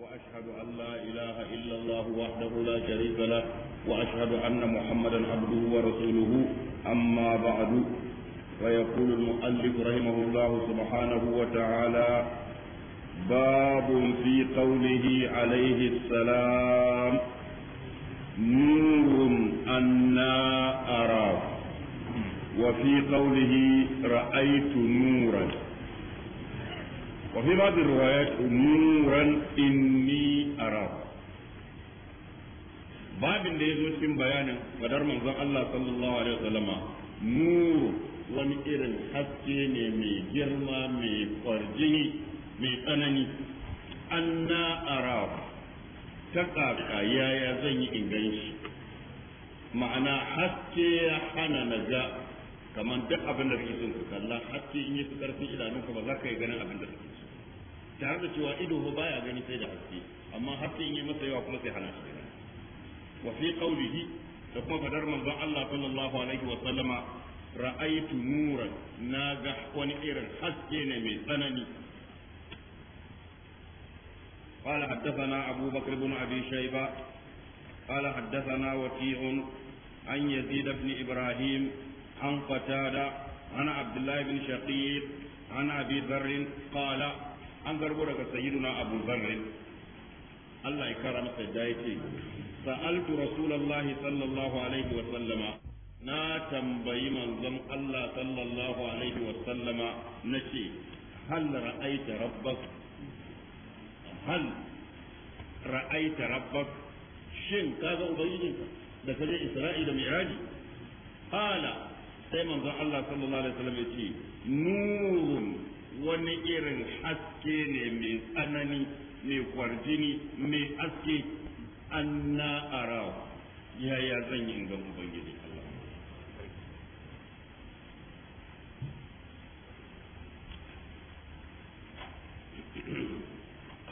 وأشهد أن لا إله إلا الله وحده لا شريك له وأشهد أن محمدا عبده ورسوله أما بعد فيقول المؤلف رحمه الله سبحانه وتعالى باب في قوله عليه السلام نور أنا أراه وفي قوله رأيت نورا وفي بعض الروايات نورا إني أراه باب اللي يزوج بيانا ودر من الله صلى الله عليه وسلم نور wani irin haske ne mai girma mai kwarjini mai tsanani an na arawa ta kaka ya zan yi inganci ma'ana haske ya hana na ga kamar duk abin da kake son ka kalla haske in yi su karfin idanunka ba za ka yi ganin abin da kake tare da cewa ido baya gani sai da haske amma hasken yi masa yawa kuma sai hana shi gani wa fi qawlihi da kuma fadar manzon Allah sallallahu alaihi wa sallama ra'aytu nuran naga wani irin haske ne mai tsanani قال حدثنا أبو بكر بن أبي شيبة قال حدثنا وكيع عن يزيد بن إبراهيم عن قتادة عن عبد الله بن شقيق عن أبي ذر قال an garbo daga sayyiduna abu zarri Allah ya kara masa da ce. sa'altu rasulallahi sallallahu alaihi wa sallama na tambayi manzon Allah sallallahu alaihi wa sallama na ce, hal ra'aita rabbak hal ra'aita rabbak shin ka kaga ubangijinka da kaje Isra'i da Mi'raji qala sai manzon Allah sallallahu alaihi wa sallam ce, nurun wani irin haske ne mai tsanani mai kwarjini mai haske. an na arawa yaya zan yi ga ubangiji Allah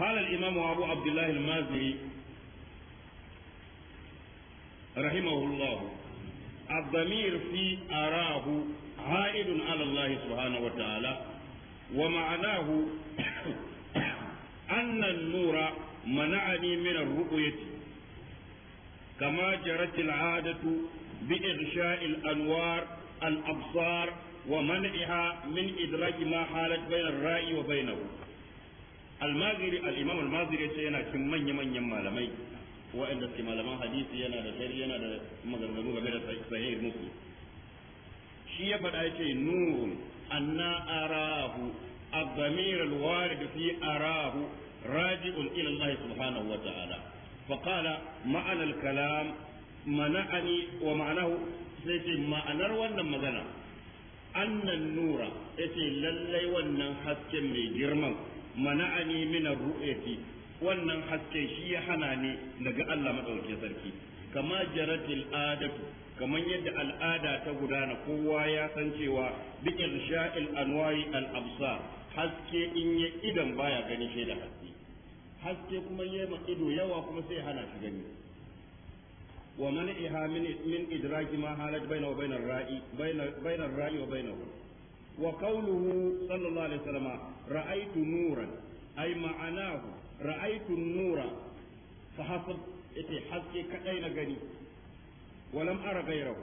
قال الإمام أبو عبد الله المازني رحمه الله الضمير في أراه عائد على الله سبحانه وتعالى ومعناه أن النور منعني من الرؤية كما جرت العادة بإغشاء الأنوار الأبصار ومنعها من إدراك ما حالت بين الرأي وبينه المازري الإمام المازري سينا كمان يمن يمال لمي وإن كما لما حديث ينا دا شر ينا دا مغرغنو بلا صحيح مسلم شيء بدأ نور أنا أراه الضمير الوارد في أراه راجع إلى الله سبحانه وتعالى فقال معنى الكلام منعني ومعناه سيتي معنى ولا مغنى أن النور يتي للي ونن حسكن لي جرمان منعني من الرؤية ونن حسكن شي حناني نقع الله مدعوك يا سركي كما جرت الآدة kamar yadda al'ada ta gudana kowa ya san cewa bikin sha'il anwa'i al haske in ya idan baya gani sai da haske haske kuma ya ma ido yawa kuma sai hana shi gani wa man'iha min min idraki ma halat baina wa baina ra'i baina ra'i wa baina wa qawluhu sallallahu alaihi wasallam ra'aytu nuran ay ma'anahu ra'aytu nura fa hasab haske kadai na gani ولم أرى غيره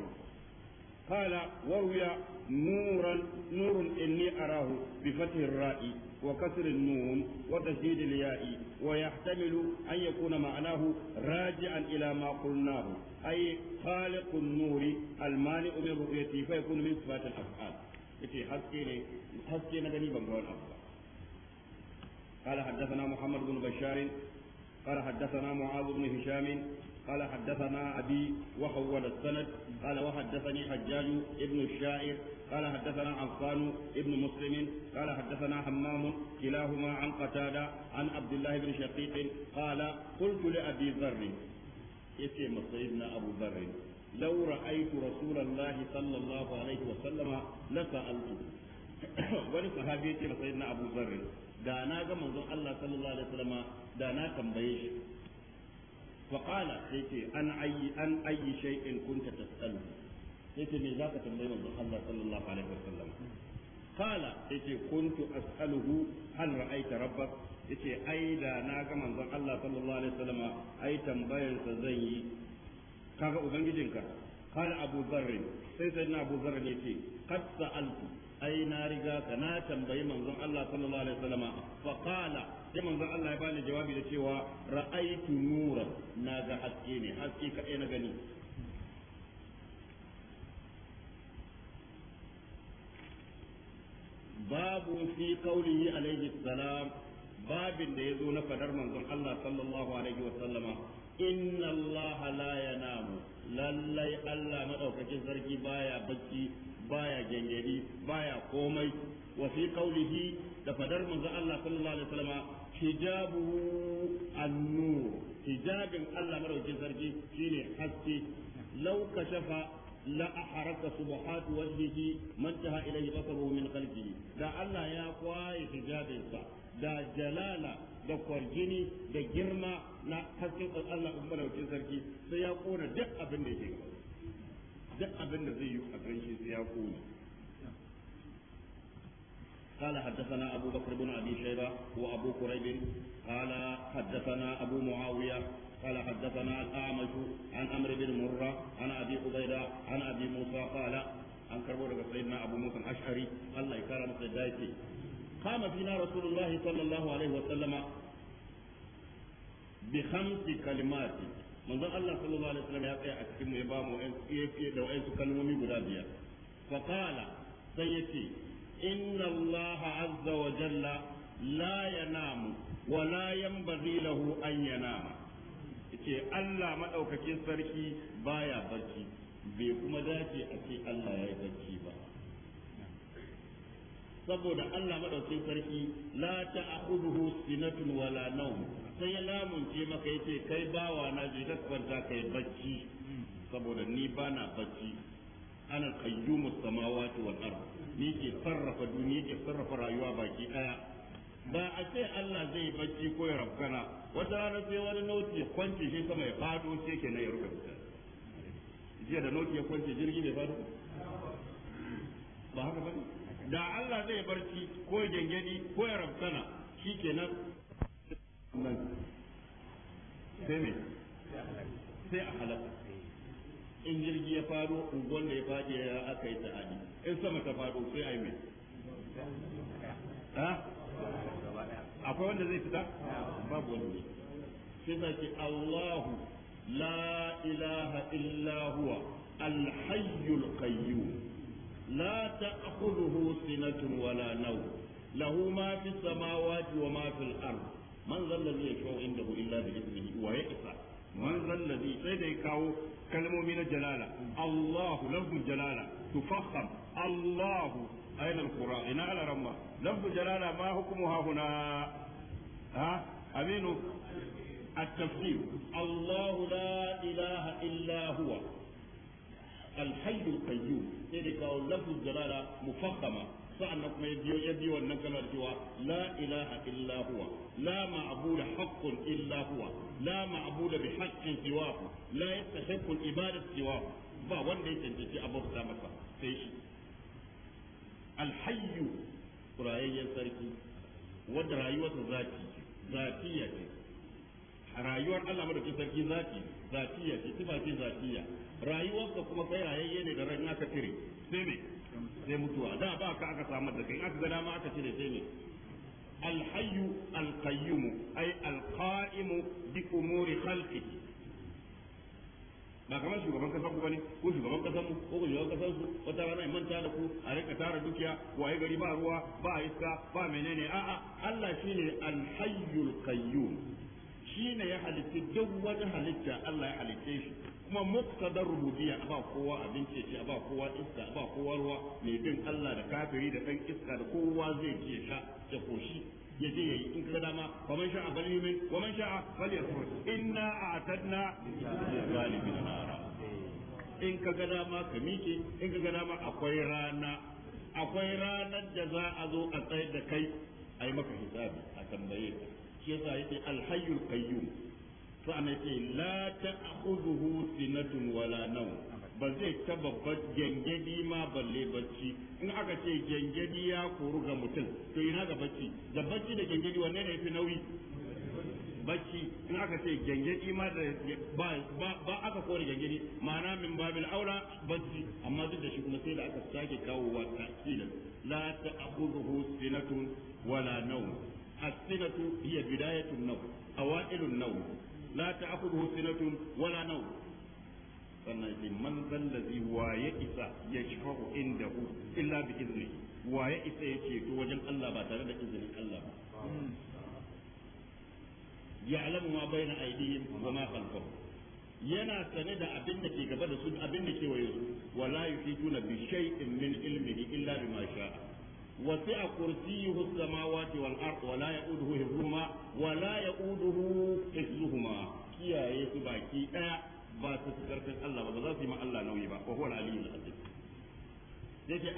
قال وروي نورا نور إني أراه بفتح الراء وكسر النون وتشديد الياء ويحتمل أن يكون معناه راجعا إلى ما قلناه أي خالق النور المانع من رؤيته فيكون من صفات الأفعال في حسكين غني نغني بمرون قال حدثنا محمد بن بشار قال حدثنا معاذ بن هشام قال حدثنا أبي وحول السند قال وحدثني حجاج ابن الشاعر قال حدثنا عفان ابن مسلم قال حدثنا حمام كلاهما عن قتادة عن عبد الله بن شقيق قال قلت لأبي ذر يتيم سيدنا أبو ذر لو رأيت رسول الله صلى الله عليه وسلم لسألته wani sahabi ya ce masai na abu zarri da na ga manzon Allah sallallahu alaihi wasallam da na tambaye shi فقال سيتي أن أي أن أي شيء كنت تسأله سيتي من ذاك من الله صلى الله عليه وسلم قال سيتي كنت أسأله هل رأيت ربك yace ai da na من الله صلى الله عليه وسلم ai tambayar sa zan yi kaga قال أبو ذر سيدنا أبو ذر يتي قد سألت أي نارقا كنا تنبي من الله صلى الله عليه وسلم فقال sai manzon Allah ya bani jawabi da cewa ra'aytu nura na ga haske ne haske kaɗai na gani babu fi qaulihi alaihi salam babin da yazo na fadar manzon Allah sallallahu alaihi wa sallama inna Allah la yanamu lallai Allah madaukakin sarki baya bacci baya gengedi baya komai وفي قوله دفدر من ذا الله صلى الله عليه وسلم حجابه النور حجاب الله مرة جزرجي شيني حسي لو كشف لا أحرك سبحات وجهه من تهى إليه بصره من قلبه دا الله يا قواي حجاب دا جلالة دا قرجيني دا girma لا حسيق الله umaraukin sarki sai ya kona duk abin da ke duk abin قال حدثنا أبو بكر بن أبي شيبة وأبو كريب قال حدثنا أبو معاوية قال حدثنا الأعمش عن أمر بن مرة عن أبي عبيدة عن أبي موسى قال عن كربورة سيدنا أبو موسى الأشعري الله يكرم سيدايتي قام فينا رسول الله صلى الله عليه وسلم بخمس كلمات manzon Allah sallallahu alaihi wasallam ya tsaya a cikin mu ya ba mu da wa'ansu kalmomi guda biyar faqala sai yace إن الله عز وجل لا ينام ولا ينبغي له أن ينام ce Allah maɗaukakin sarki baya barci bai kuma dace a ce Allah ya yi barci ba saboda Allah maɗaukakin sarki la ta'khudhuhu sinatun wala nawm sai ya lamunce maka yace kai bawa na je ka kwanta kai barci saboda ni bana barci ana qayyumus samawati wal ard ni ke sarrafa duniya ke sarrafa rayuwa baki daya ba a ce Allah zai bacci ko ya rafkana wata rana sai wani nauti kwance shi sama ya fado shi yake na ya jiya da nauti ya kwance jirgi bai fado ba haka bane da Allah zai barci ko ya gengedi ko ya rafkana shikenan sai me sai a halaka in jirgi ya fado unguwar da ya fadi ya aka yi ta ta'adi in sama ta fado sai a yi mai akwai wanda zai fita babu wani ne sai za ki Allahu la ilaha illa huwa alhayyul qayyum la ta'khudhuhu sinatun wala nawm lahu ma fis samawati wa ma fil ard man dhalla yashfa'u indahu illa bi idnihi wa yaqfa الذي سيدي كاو كلمة الجلالة الله لفظ الجلالة تفخم الله أين القرآن إن على رمى لفظ الجلالة ما حكمها هنا ها أمين التفسير الله لا إله إلا هو الحي القيوم سيدي كاو لفظ الجلالة مفخمة sa'annan kuma ya biyo ya biyo wannan kalmar cewa la ilaha illa huwa la ma'budu haqqun illa huwa la ma'budu bi haqqin siwahu la yastahiqqu al siwahu ba wanda ya cancanci abauta masa sai shi alhayyu rayayyen sarki wanda rayuwarsa zaki zakiya ce rayuwar Allah sarki zaki zakiya ce tifa ce rayuwarsa kuma sai ne da ran sai sai mutuwa da ba ka aka samar da kai aka ga dama aka cire sai ne الحي القيوم أي القائم بأمور خلقه ba kamar shugaban kasar ku bane ko shugaban kasar mu ko shugaban kasar su wata rana ya manta da ku a rika tara dukiya waye gari ba ruwa ba iska ba menene a'a Allah shine al-hayyul qayyum shine ya halitta duk wani halitta Allah ya halitta shi kuma muktadar rububiyya ba kowa abinci a ba kowa iska ba kowa ruwa mai bin Allah da kafiri da dan iska da kowa zai ci ya sha ya koshi ya je yayi in kaga dama fa man sha'a falyumin wa man sha'a falyakfur inna a'tadna lizalimin nara in ga dama ka miƙe in ka ga dama akwai rana akwai ranar da za a zo a tsayar da kai ai maka hisabi a tambaye ka shi yasa yake alhayyul qayyum sa'an ce la ta ta'khudhuhu sinatun wala nawm ba zai taba gengedi ma balle bacci in aka ce gengedi ya koru ga mutum to ina ga bacci da bacci da gengedi wanne ne yafi nauyi bacci in aka ce gengedi ma da ba ba aka kore gengedi ma'ana min babil aula bacci amma duk da shi kuma sai da aka sake kawo wa ta'kilan la ta ta'khudhuhu sinatun wala nawm السنة هي بداية النوم أوائل النوم la ta'khudhuhu sinatun wala nawm sannan ce man zallazi wa ya isa ya shafahu indahu illa bi izni wa ya isa ya ceto wajen Allah ba tare da izinin Allah ba ya'lamu ma bayna aydihim wa ma khalfahum yana sane da abin da ke gaba da su abin da ke waye su wala yufituna bi shay'in min ilmihi illa ma sha'a وسع كرسيه السماوات والأرض ولا يؤوده حفظهما ولا يؤوده kiyaye su baki أه ba su karfin Allah ba ba za su yi ma Allah nauyi ba wa huwa al-aliyyul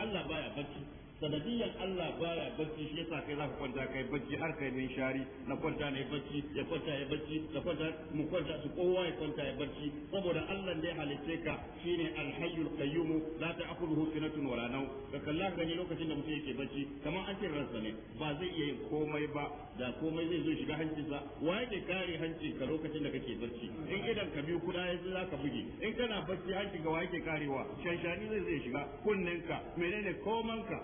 Allah baya bacci sanadiyan Allah baya bacci shi yasa kai zaka kwanta kai bacci har kai ne shari na kwanta ne bacci ya kwanta ya bacci da kwanta mu kwanta su kowa ya kwanta ya bacci saboda Allah da ya halice ka shine alhayyul qayyum la ta'khudhuhu sinatun wala nau ka kalla gani lokacin da mutum yake bacci kamar an ce ransa ne ba zai iya yin komai ba da komai zai zo shiga hancinsa wa yake kare hancin ka lokacin da kake bacci in idan ka biyu kuda ya zai zaka buge in kana bacci hancin ka wa yake karewa shanshani zai zai shiga kunnen ka menene komanka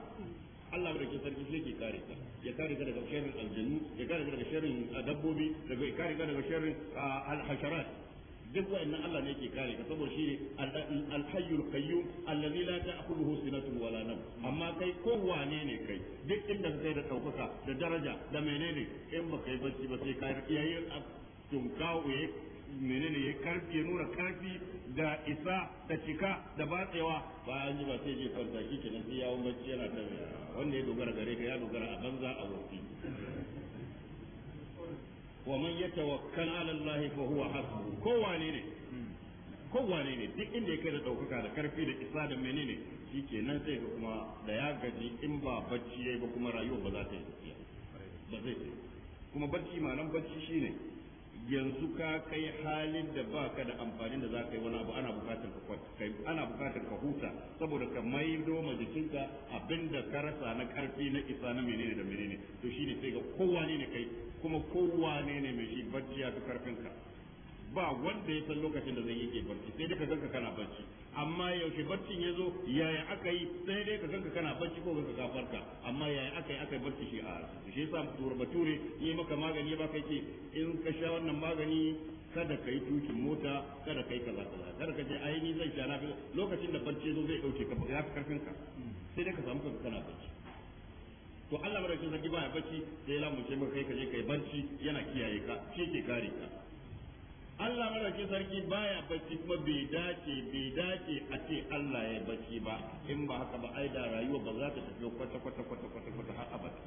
Allah madaukakin sarki sai ke kare ka ya kare ka daga sharrin aljannu ya kare ka daga sharrin ah, dabbobi daga kare ka daga sharrin ah, al-hasharat duk wa'annan Allah ne yake kare ka saboda shi al-hayyul qayyum allazi la ta'khudhuhu sinatun wala nawm amma kai ko wane ne kai duk inda kai da daukaka da daraja da menene in ba kai bacci ba sai ka yi ah, tunkawo menene ya karfi ya nuna karfi da isa da cika da batsewa ba an ji ba sai je kwanta shi kenan sai yawon bacci yana ta wanda ya dogara gare ka ya dogara a banza a wurfi wa man yatawakkal ala Allah fa huwa hasbuh kowane ne kowane ne duk inda ya kai da daukaka da karfi da isa da menene shi kenan sai ga kuma da ya gaji in ba bacci yayi ba kuma rayuwa ba za ta yi ba zai kuma bacci ma nan bacci shine yanzu ka kai halin da ba ka da amfani da za ka yi wani abu ana bukatar ka ana bukatar ka huta saboda ka maido ma jikinka abinda ka rasa na karfi na isa na menene da menene to shine sai ga kowa ne kai kuma kowa ne ne mai shi bacci ya fi karfin ka ba wanda ya san lokacin da zai yake barci sai duka ganka kana barci amma yaushe barcin ya zo yaya aka yi sai dai ka ganka kana barci ko ganka ka farka amma yaya aka yi aka yi barci shi a shi yasa tura bature ne maka magani ba kai ce in ka sha wannan magani kada ka yi tukin mota kada ka yi kaza kaza kada ka je ai ni zan sha na lokacin da barci zo zai dauke ka ya fi karfin ka sai dai ka samu kanka kana barci to Allah madaukakin sarki baya barci sai lamu sai mu kai ka je kai barci yana kiyaye ka shi ke kare ka Allah madauki sarki baya bacci kuma bai dace bai dace a ce Allah ya bacci ba in ba haka ba ai da rayuwa ba za ta tafi kwata kwata kwata kwata kwata har abada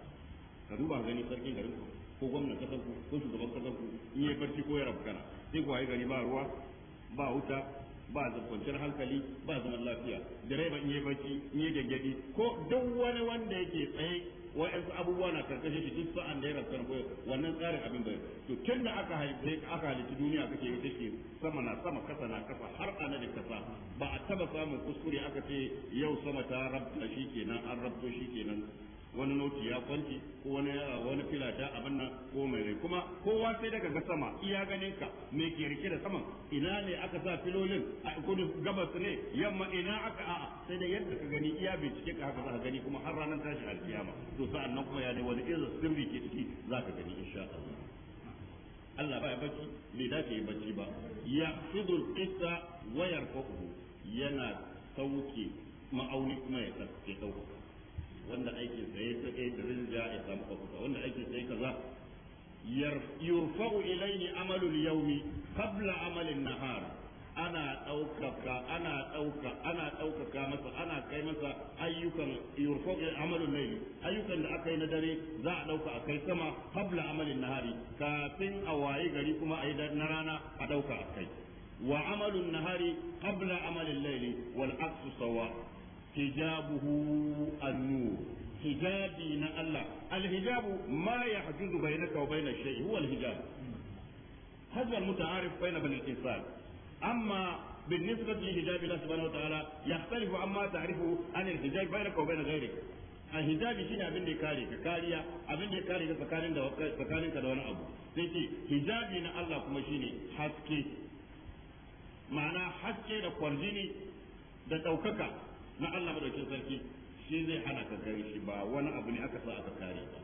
ka duba gani sarkin garin ku ko gwamnan kasar ku ko shugaban kasar ku in yayi barci ko ya rafkana sai ku gari ba ruwa ba wuta ba kwanciyar hankali ba zaman lafiya direba in yayi barci in yayi gaggadi ko duk wani wanda yake tsaye wa'ansu abubuwa na karkashin shi duk sa'an da ya rasu ko wannan tsarin abin bai to tun da aka haife aka halitta duniya kake yi take sama na sama kasa na kasa har ana da kasa ba a taba samun kuskure aka ce yau sama ta rabta shi kenan an rabto shi kenan wani noti ya kwanci ko wani wani filata a abin nan ko mai rai kuma kowa sai daga ga sama iya ganin ka me ke rike da saman ina ne aka sa filolin a kudu gabas ne yamma ina aka a'a sai da yadda ka gani iya bincike ka haka za gani kuma har ranar tashi alkiyama to sa'an nan kuma ya ne wani irin sirri ke ciki za ka gani insha Allah Allah ba ya bacci bai da ke bacci ba ya sidul qissa wa yarfaquhu yana sauke ma'auni kuma ya sauke sauka wanda aikin sa ya sake da rinja ya samu kwafuta wanda aikin sa ya kaza yurfa'u ilayhi amalul yawmi qabla amalin nahar ana ɗaukaka ana dauka ana ɗaukaka masa ana kai masa ayyukan yurfa'u amalul layli ayyukan da aka yi na dare za a ɗauka a kai sama qabla amalin nahari kafin a waye gari kuma a yi na rana a ɗauka a kai wa amalun nahari qabla amalin layli wal aqsu sawa hijabuhu an hijabi na Allah al-hijabu ma yahjuzu bainaka wa na shay'i huwa al-hijab hadha al-muta'arif baina bani al-insan amma بالنسبة لحجاب الله سبحانه وتعالى يختلف عما تعرفه عن الحجاب بينك وبين غيرك alhijabi shine abin da ya kare ka kariya abin da ya kare tsakanin da wani abu sai ce hijabi na Allah kuma shine haske ma'ana haske da kwarjini da ɗaukaka na Allah madaukin sarki shi zai hana ka gare shi ba wani abu ne aka sa aka kare ba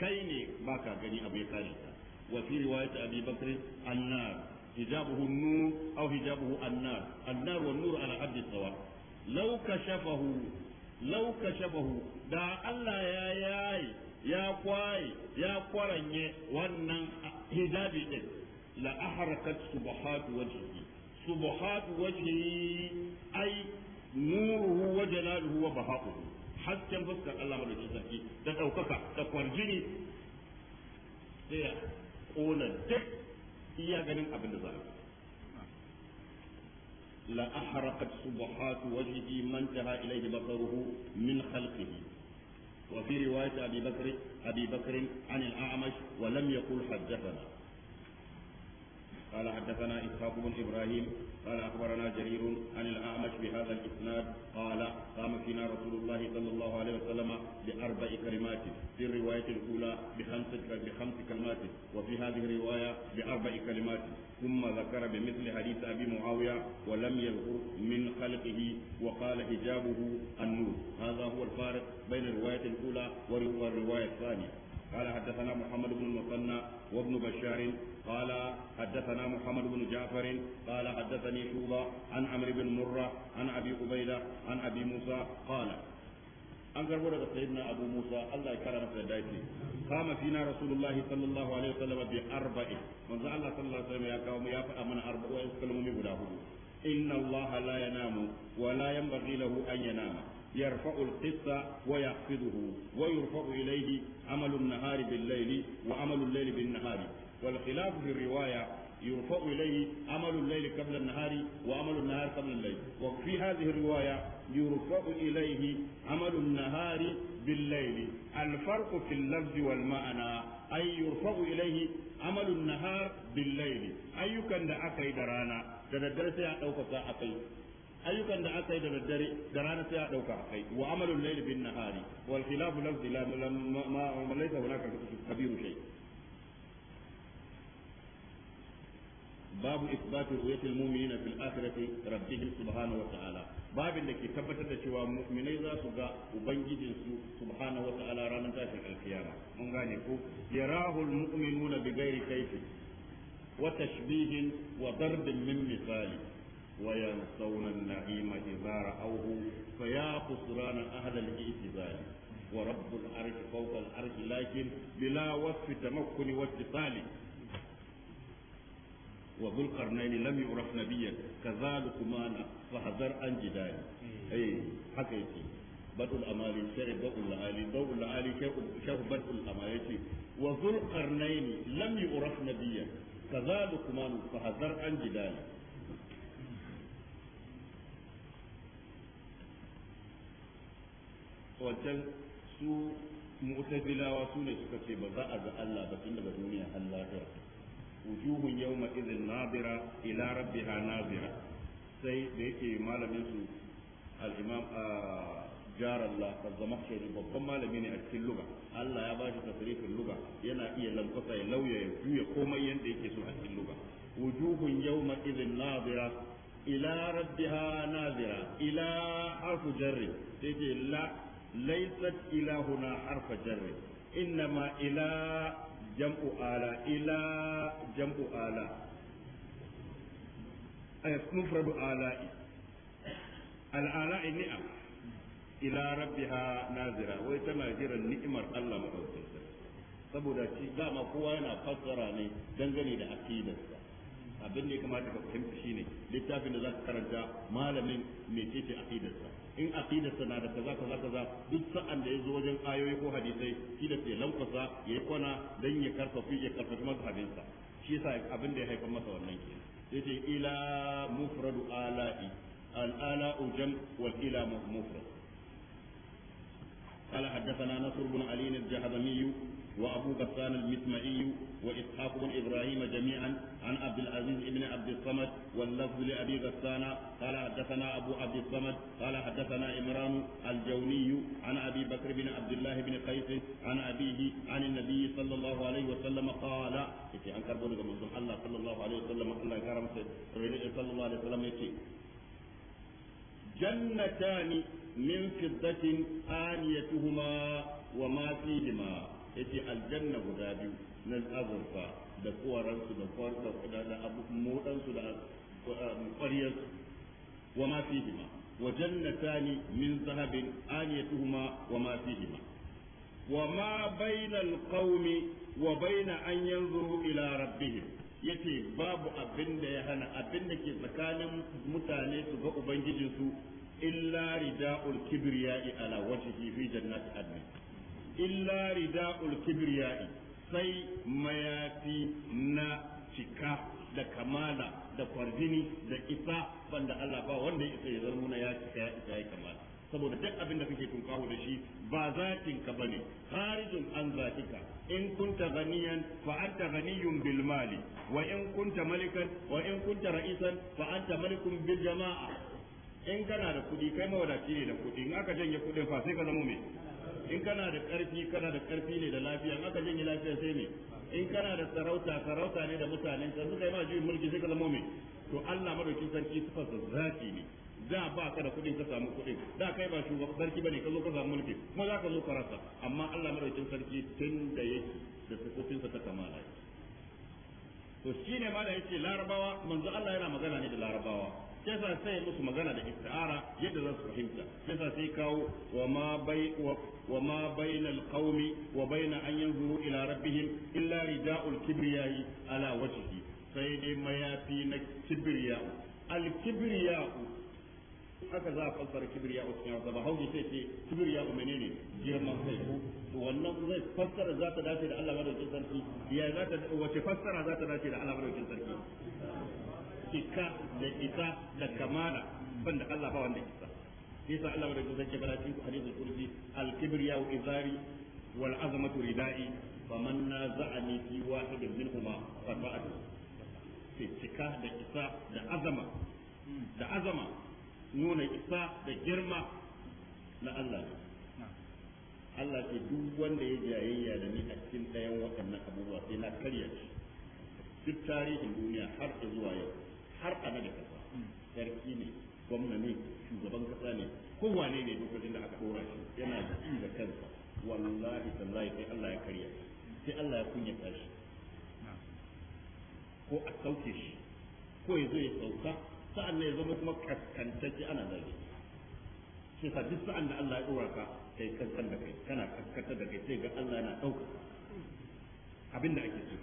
kai ne baka gani abu ya kare ka wa fi riwayat abi bakr annar hijabuhu nur aw hijabuhu annar annar wa nur ala abdi sawa law kashafahu law kashafahu da Allah ya yayi ya kwaye ya kwaranye wannan hijabi din la aharakat subahat wajhi subahat wajhi ai nuruhu wa jalaluhu wa baha'uhu hasken fuskar Allah madaukin sarki da ɗaukaka da kwarjini sai ya ƙona duk iya ganin abin da za a la ahraqat subahatu wajhihi man taha ilayhi basaruhu min khalqihi wa fi riwayat abi bakr abi bakr an al-a'mash wa lam yaqul haddathana قال حدثنا إسحاق بن إبراهيم قال أخبرنا جرير عن الأعمى بهذا الإسناد قال قام فينا رسول الله صلى الله عليه وسلم بأربع كلمات في الرواية الأولى بخمس بخمس كلمات وفي هذه الرواية بأربع كلمات ثم ذكر بمثل حديث أبي معاوية ولم يذكر من خلقه وقال حجابه النور هذا هو الفارق بين الرواية الأولى والرواية الثانية قال حدثنا محمد بن المثنى وابن بشار قال حدثنا محمد بن جعفر قال حدثني شوبة عن عمرو بن مرة عن أبي عبيدة عن أبي موسى قال an garbo daga sayyidina abu musa allah ya kara masa da kama rasulullah sallallahu alaihi wasallam bi arba'i manzo allah sallallahu alaihi wasallam ya kawo ya faɗa mana arba'u kalmomi guda hudu inna allaha la yanamu wa la yanbaghi lahu an yanama يرفع القسط ويخفضه ويرفع إليه عمل النهار بالليل وعمل الليل بالنهار والخلاف في الرواية يرفع إليه عمل الليل قبل النهار وعمل النهار قبل الليل وفي هذه الرواية يرفع إليه عمل النهار بالليل الفرق في اللفظ والمعنى أي يرفع إليه عمل النهار بالليل أي كان دعاك إدرانا تدرسي أو da ayyukan da aka yi da daddare da rana sai a dauka akai wa amalul layli bin nahari wal khilafu lafzi la ma laysa hunaka kabiru shay babu isbatu ru'yatil mu'minina fil akhirati rabbihim subhanahu wa ta'ala babin da ke tabbatar da cewa mu'minai za su ga ubangijin su subhanahu wa ta'ala ranar tashin alkiyama mun gane ko yarahul mu'minuna bighairi kayfi wa tashbihin wa darbin min misali وينسون النعيم إذا رأوه فيا خسران أهل الاعتزال ورب الأرض فوق الأرض لكن بلا وصف تمكن واتصال وذو القرنين لم يعرف نبيا كذلكما فحذر عن جدال اي حكيتي بدء الامال شيء ضوء العالي ضوء العالي شيء بدء الامال وذو القرنين لم يعرف نبيا كذلكما فحذر عن جدال wancan su mu'tazilawa su ne suka ce ba za a ga Allah ba tun daga duniya Allah ta wujuhun yawma idhin nadira ila rabbiha nadira sai da yake malamin su al-imam jarallah zama zamakhshari babban malami ne a cikin luga Allah ya bashi tasrifin luga yana iya lankwasa ya lauya ya juya komai yanda yake so a cikin luga wujuhun yawma idhin nadira ila rabbiha nadira ila harfu jarri sai la ليست ilahuna harfa jarri innama ila jam'u ala ila jam'u ala mufradu مفرد al'ala'i الآلاء ila إلى nazira wai tana jiran ni'imar Allah madaukakin saboda shi dama kowa yana fassara ne dangane da aqidarsa abin da ya kamata ka fahimta shine littafin da za ka karanta malamin ce aqidarsa in aqidar sa na da kaza kaza kaza duk sa'an da yazo wajen ayoyi ko hadisai shi da ke lankwasa yayi kwana dan ya karfafi ya karfafi mazhabin sa shi yasa abin da ya haifar masa wannan ke sai ce ila mufrad ala'i al ala ujan wal ila mufrad قال حدثنا نصر بن علي الجهضمي وأبو غسان المسمعي وإسحاق بن إبراهيم جميعا عن عبد العزيز بن عبد الصمد واللفظ لأبي غسان قال حدثنا أبو عبد الصمد قال حدثنا إمران الجوني عن أبي بكر بن عبد الله بن قيس عن أبيه عن النبي صلى الله عليه وسلم قال عن إيه، كربون الله صلى الله عليه وسلم الله كرم صلى الله عليه وسلم جنتان من فضة آنيتهما وما فيهما yace aljanna guda biyu na azurfa da su da kwarta da abu modansu da um, su wa ma ma wa jannatani min zahabin aniyatuhuma wa ma ma wa ma bainal qaumi wa baina an yanzuru ila rabbihim yace babu abin da ya hana abin da ke tsakanin mutane su ga ubangijinsu illa rida'ul kibriya ala wajhihi fi jannati adnin illa rida'ul kibriyai sai mayafi na cika da kamala da kwarjini da isa banda Allah ba wanda ya isa ya zama na ya cika ya isa ya kamala saboda duk abin da kake kawo da shi ba zakin ka bane kharijun an zatika in kunta ganiyan fa anta ganiyun bil mali wa in kunta malikan wa in kunta ra'isan fa anta malikun bil jama'a in kana da kudi kai mawadaci ne da kudi in aka janye kudin fa sai ka zama mai in kana da karfi kana da karfi ne da lafiya in aka janye lafiya sai ne in kana da sarauta sarauta ne da mutanen ka suka yi ma juyin mulki sai ka zama mai to Allah madaukin sarki sifar da zaki ne da ba ka da kuɗin ka samu kuɗin da kai ba shugaban sarki bane ka zo ka samu mulki kuma za ka zo ka rasa amma Allah madaukin sarki tun da yake da sa ta kamala to shine ma da yake larabawa manzo Allah yana magana ne da larabawa yasa sai musu magana da isti'ara yadda za su fahimta yasa sai kawo wa ma bai wa ma bainal qaumi wa baina an yanzuru ila rabbihim illa rida'ul kibriya ala wajhi sai dai mayafi na kibriya al kibriya haka za a fassara kibriya a cikin hausa ba sai ce kibriya a menene girman kai to wannan zai fassara za ta dace da Allah madaukakin sarki ya za ta wace fassara za ta dace da Allah madaukakin sarki cika da isa da kamala banda Allah ba wanda isa yasa Allah da zake kira cikin hadisul kursi al-kibriya wa izari wal azmatu ridai man naza'ani fi wahidin minhuma fi cika da isa da azama da azama nuna isa da girma na Allah Allah ce duk wanda ya jayayya da ni a cikin ɗayan waɗannan abubuwa sai na karya shi duk tarihin duniya har zuwa yau har a da kasa sarki ne gwamna ne shugaban kasa ne kowane ne lokacin da aka dora shi yana da da kansa wallahi tallahi sai Allah ya karya sai Allah ya kunyata shi ko a sauke shi ko ya zo ya sauka sa'an nan ya zama kuma kaskantacce ana zage shi sa duk sa'an da Allah ya dora ka kai kankan da kai kana kaskata da kai sai ga Allah yana dauka abinda ake so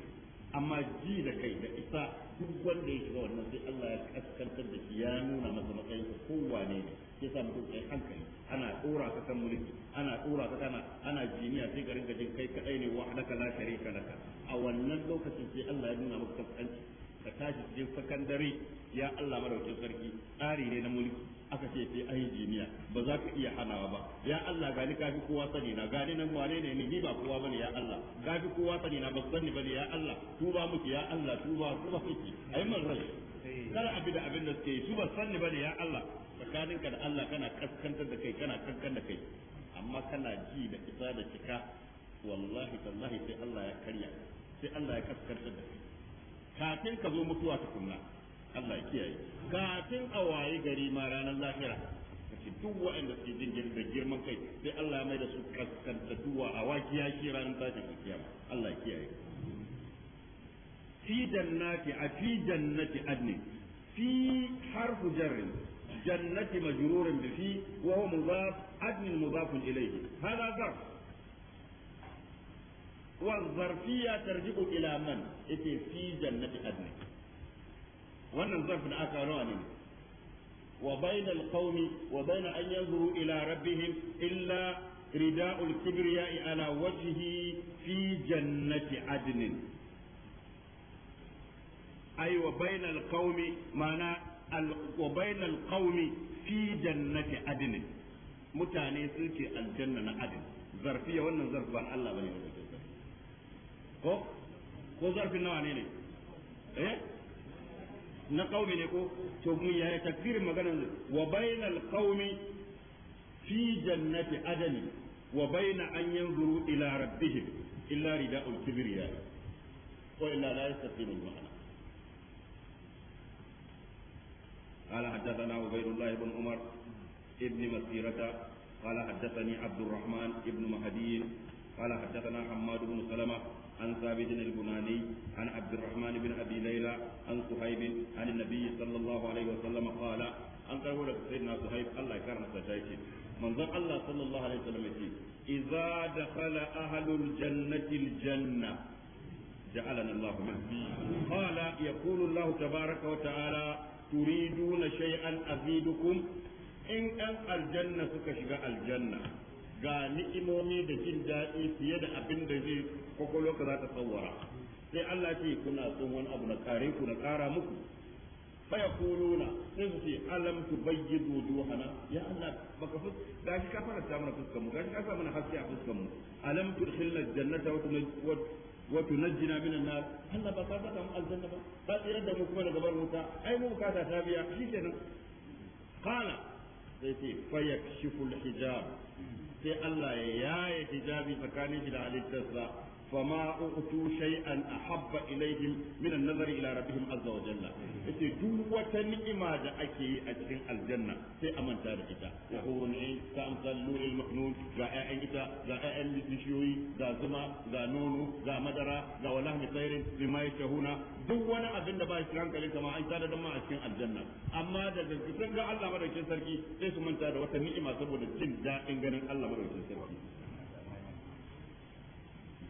amma ji da kai da isa duk wanda ya shiga wannan sai Allah ya kaskantar da shi ya nuna masa matsayin sa kowane ne sai sa mutum kai hankali ana dora ka kan mulki ana dora ka kana ana jiniya sai ka ringa jin kai kadai ne wahdaka la sharika laka a wannan lokacin sai Allah ya nuna maka kaskanci ka tashi cikin sakandare ya Allah madaukakin sarki tsari ne na mulki aka ce sai yi jiniya ba za ka iya hanawa ba ya Allah gani ka fi kowa sani na gani nan wane ne ni ba kowa bane ya Allah ka fi kowa sani na ba sani bane ya Allah tuba muke ya Allah tuba tuba miki ai man rai kar abi da abin da suke su ba sani bane ya Allah tsakaninka da Allah kana kaskantar da kai kana kankan da kai amma kana ji da isa da cika wallahi tallahi sai Allah ya karya sai Allah ya kaskantar da kai kafin ka zo mutuwa tukunna Allah kiyaye kafin a wayi gari ma ranar lahira kace duk waɗanda suke jin da girman kai sai Allah ya mai da su kaskanta duwa a waki ya ki ranar tashin kiyama Allah kiyaye fi jannati a fi jannati adni fi harfu jarri jannati majrurun bi fi wa huwa mudaf adni mudaf ilayhi hada zarf والظرفية ترجع إلى من؟ إتي في جنة أدنى wannan zarfin aka nawa ne wa bayna alqawmi wa bayna an yanzuru ila rabbihim illa rida'ul kibriya'i ala wajhi fi jannati adnin ay wa bayna alqawmi ma'ana wa bayna alqawmi fi jannati adnin mutane suke aljanna na adin zarfiya wannan zarfi ba Allah bane ko ko zarfin nawa ne ne eh na qaumi ne ko to mun yaya takfirin maganar wa bainal qaumi fi jannati adani wa baina an yanzuru ila rabbihim illa rida'ul kibriya ko illa la yastaqimu al قال حدثنا عبيد الله بن عمر ابن مسيرة قال حدثني عبد الرحمن ابن مهدي قال حدثنا حماد بن سلمة عن ثابت البناني عن عبد الرحمن بن أبي ليلى عن صهيب عن النبي صلى الله عليه وسلم قال أن تقول سيدنا صهيب الله يكرم سجايتي من ذا الله صلى الله عليه وسلم إذا دخل أهل الجنة الجنة جعلنا الله منه قال يقول الله تبارك وتعالى تريدون شيئا أزيدكم in ɗan aljanna suka shiga aljanna ga ni'imomi da jin daɗi fiye da abin da zai kwakwalwa ka za ta tsawara sai Allah ce kuna son wani abu na kare ku na kara muku fa yaquluna sai su ce alam tubayyid wujuhana ya Allah baka fus ga shi ka fara samun fuskar mu ga shi ka samu na haske a fuskar mu alam tudkhilna jannata wa wa tunajjina minan nar Allah ba ka saka mu aljanna ba ba tsira da mu kuma daga bar wuta ai mu ka ta tabiya shikenan qala sai ce fa yakshifu sai Allah ya yaye hijabi tsakanin shi da halittarsa فما أعطوا شيئا أحب إليهم من النظر إلى ربهم عز وجل إتي دوة نعمة أكي أجن الجنة في أمن تارئتا وحور عين كأمثال نور المكنون جاء إتا جاء المسيشيوي ذا زما ذا نونو ذا مدرة ذا ولهم طير لما يشهون دوة أبن با إسلام كلي كما أن تارد ما أجن الجنة أما ذا ذا الله مرة كنسركي إيسو من تارد وتنعمة سبب الجن ذا إنغنن الله مرة كنسركي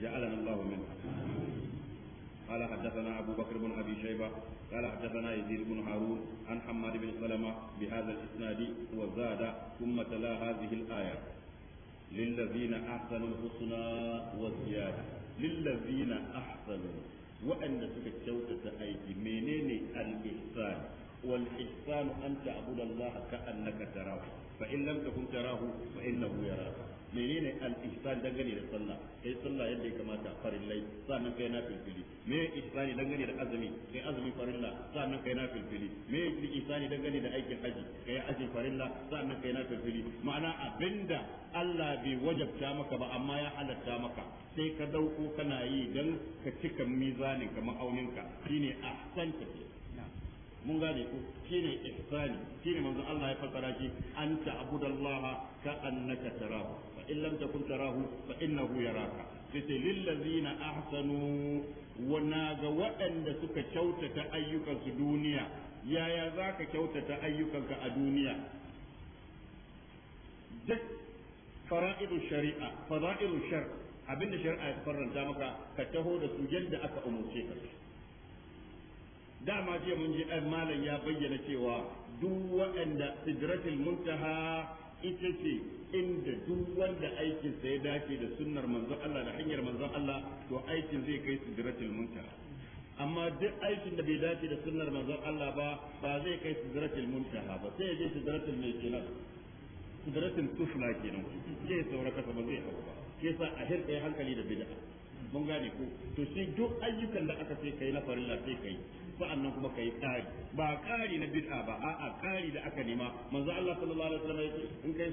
جعلنا الله منها قال حدثنا أبو بكر بن أبي شيبة قال حدثنا يزيد بن هارون عن حماد بن سلمة بهذا الإسناد وزاد ثم تلا هذه الآية للذين أحسنوا الحسنى وزيادة للذين أحسنوا وأن سكتوت أيدي منين الإحسان والإحسان أن تعبد الله كأنك تراه fa in lam takun tarahu fa innahu ne menene al-ihsan dangane da sallah kai sallah yadda ya kamata farin lai sannan kai na filfili me ihsani dangane da azumi kai azumi farilla sannan kai na filfili me ihsani dangane da aikin haji kai haji farilla sannan kai na filfili ma'ana abinda Allah bai wajabta maka ba amma ya halatta maka sai ka dauko kana yi dan ka cika mizanin ka ma'auninka shine ahsan tafiya mun gane ko shine ihsani shine manzo Allah ya fassara shi anta abudallaha ka annaka tarahu fa in lam takun tarahu fa innahu yaraka sai lil ladzina ahsanu wa ga waɗanda suka kyautata ayyukansu duniya yaya za ka kyautata ayyukanka a duniya duk fara'idu shari'a fara'idu shar abinda shari'a ya faranta maka ka taho da su yadda aka umurce ka dama jiya mun ji ɗan eh, malam ya bayyana cewa duk waɗanda sidratul muntaha ita ce inda duk wanda aikin sa ya dace da sunnar manzon Allah da hanyar manzon Allah to aikin zai kai sidratul muntaha amma duk aikin da bai dace da sunnar manzon Allah ba ba zai kai sidratul muntaha ba sai ya je sidratul mai sidratul tufla kenan sai saura kasa ba zai hawa ba sai sa a hirɗe hankali da bid'a mun gane ko to sai duk ayyukan da aka ce kai na farilla sai kai sa'annan kuma yi ƙari ba ƙari na bid'a ba a'a ƙari da aka nema manzo Allah sallallahu alaihi wasallam yace in kai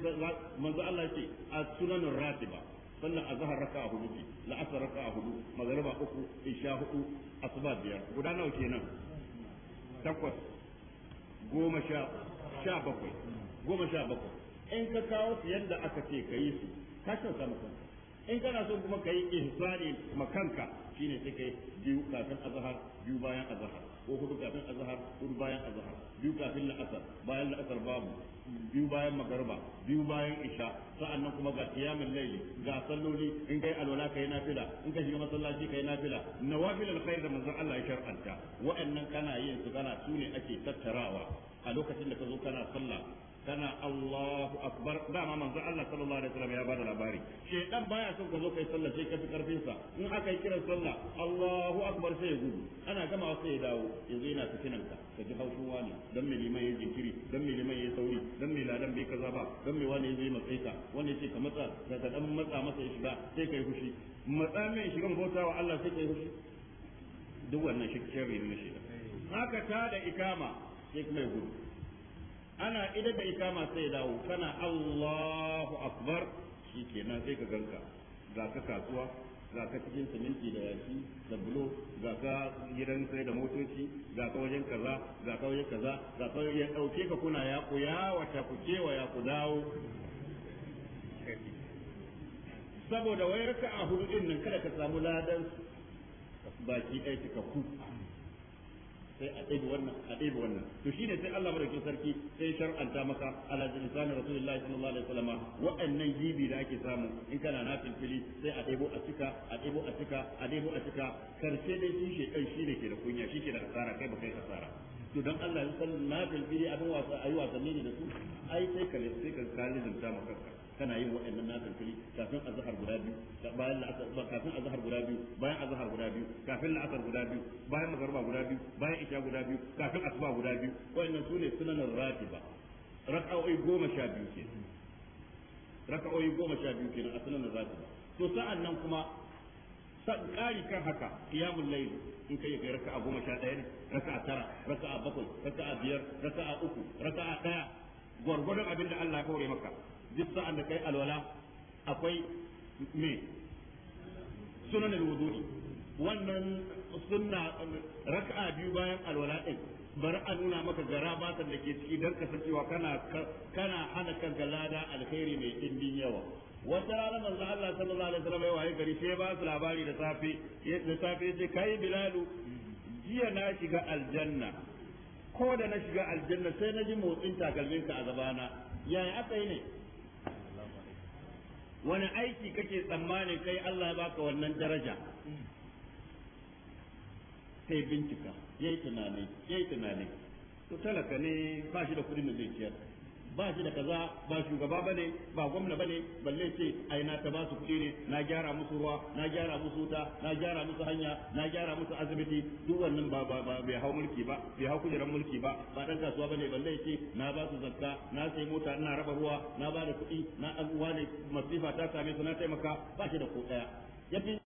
manzo Allah a as-sunanur ratiba sannan azhar a hudu la'asar a hudu magaraba uku isha hudu asuba biyar guda nawa kenan takwas goma sha sha bakwai goma sha bakwai in ka kawo su yadda aka ce ka yi su ka kyauta maka in kana so kuma ka yi ihsani makanka shine sai kai biyu kafin azhar biyu bayan azhar ko hudu kafin azhar hudu bayan azhar biyu kafin la'asar bayan la'asar babu biyu bayan magarba biyu bayan isha sa'annan kuma ga qiyamul layli ga salloli in kai alwala kai nafila in ka shiga masallaci kai nafila nawafil alkhair da manzon Allah ya shar'anta wa'annan kana yin su kana su ne ake tattarawa a lokacin da ka zo kana sallah tana Allahu akbar dama manzo Allah sallallahu alaihi wasallam ya bada labari shedan baya son ka zo kai sallah sai ka fi karfin sa in aka yi kiran sallah Allahu akbar sai ya gudu ana gama sai ya dawo yanzu yana tafinan ka ka ji haushin wani dan me liman yake jinkiri dan me liman yake sauri dan me ladan bai kaza ba dan me wani yake matsayi ka wani yake ka matsa ka ka dan matsa masa ya shiga sai kai fushi matsa mai shigan bautawa Allah sai kai fushi duk wannan shi kirri ne shi haka ta da ikama sai kuma ya gudu ana idan da ikama sai dawo kana Allahu akbar shikenan sai ka ganka ga ka kasuwa ga ka cikin siminti da yaki da bulo ga ka gidan sai da motoci ga ka wajen kaza ga ka wajen kaza ga ka ya dauke ka kuna ya ku ya wata ku kewa ya ku dawo saboda wayar ka a hudu din nan kada ka samu ladan baki ɗaya kika ku sai a ɗebe wannan a ɗebe wannan to shine sai Allah madaukakin sarki sai shar'anta maka ala insani rasulullahi sallallahu alaihi wasallam wa'annan gibi da ake samu in kana na filfili sai a ɗebo a cika a ɗebo a cika a ɗebo a cika karshe dai shi shi kai shine ke da kunya shi ke da asara kai ba kai asara to dan Allah ya san na filfili abin wasa ayi wasanni ne da su ai sai ka sai ka kalli zanta maka kana yin waɗannan na kalkali kafin azhar guda biyu bayan la'asar kafin azhar guda biyu bayan azhar guda biyu kafin la'asar guda biyu bayan magharba guda biyu bayan isha guda biyu kafin asuba guda biyu waɗannan sune sunanan ratiba raka'o'i goma sha biyu ke raka'o'i goma sha biyu kenan a sunanan ratiba to sa'an nan kuma sakari kan haka qiyamul layl in kai kai raka'a goma sha ɗaya ne raka'a tara raka'a bakwai raka'a biyar raka'a uku raka'a ɗaya gwargwadon abin da Allah ya kore maka duk sa'an da kai alwala akwai me sunan alwudu wannan sunna raka'a biyu bayan alwala din bari a nuna maka gara batan da ke ciki don kasancewa kana kana hana kan galada alkhairi mai indin yawa wata rana manzo Allah sallallahu alaihi wasallam ya gari sai ba su labari da safe da safe sai kai bilalu jiya na shiga aljanna ko da na shiga aljanna sai na ji motsin takalminka a gabana yaya aka yi ne wani aiki kake tsammanin kai Allah ya baka wannan daraja sai bincika yayi tunani yayi tunani to talaka ne ba shi da kudin da zai ciyar ba shi da kaza ba shugaba ba ne ba gwamna bane balle ce a na ta ba su kuɗi ne na gyara musu ruwa na gyara musu wuta na gyara musu hanya na gyara musu asibiti duk wannan ba ba bai hau mulki ba bai hau kujeran mulki ba ba dan kasuwa bane balle ce na ba su zakka na sai mota ina raba ruwa na ba da kuɗi na abuwa ne masifa ta same su na taimaka ba shi da ko ɗaya.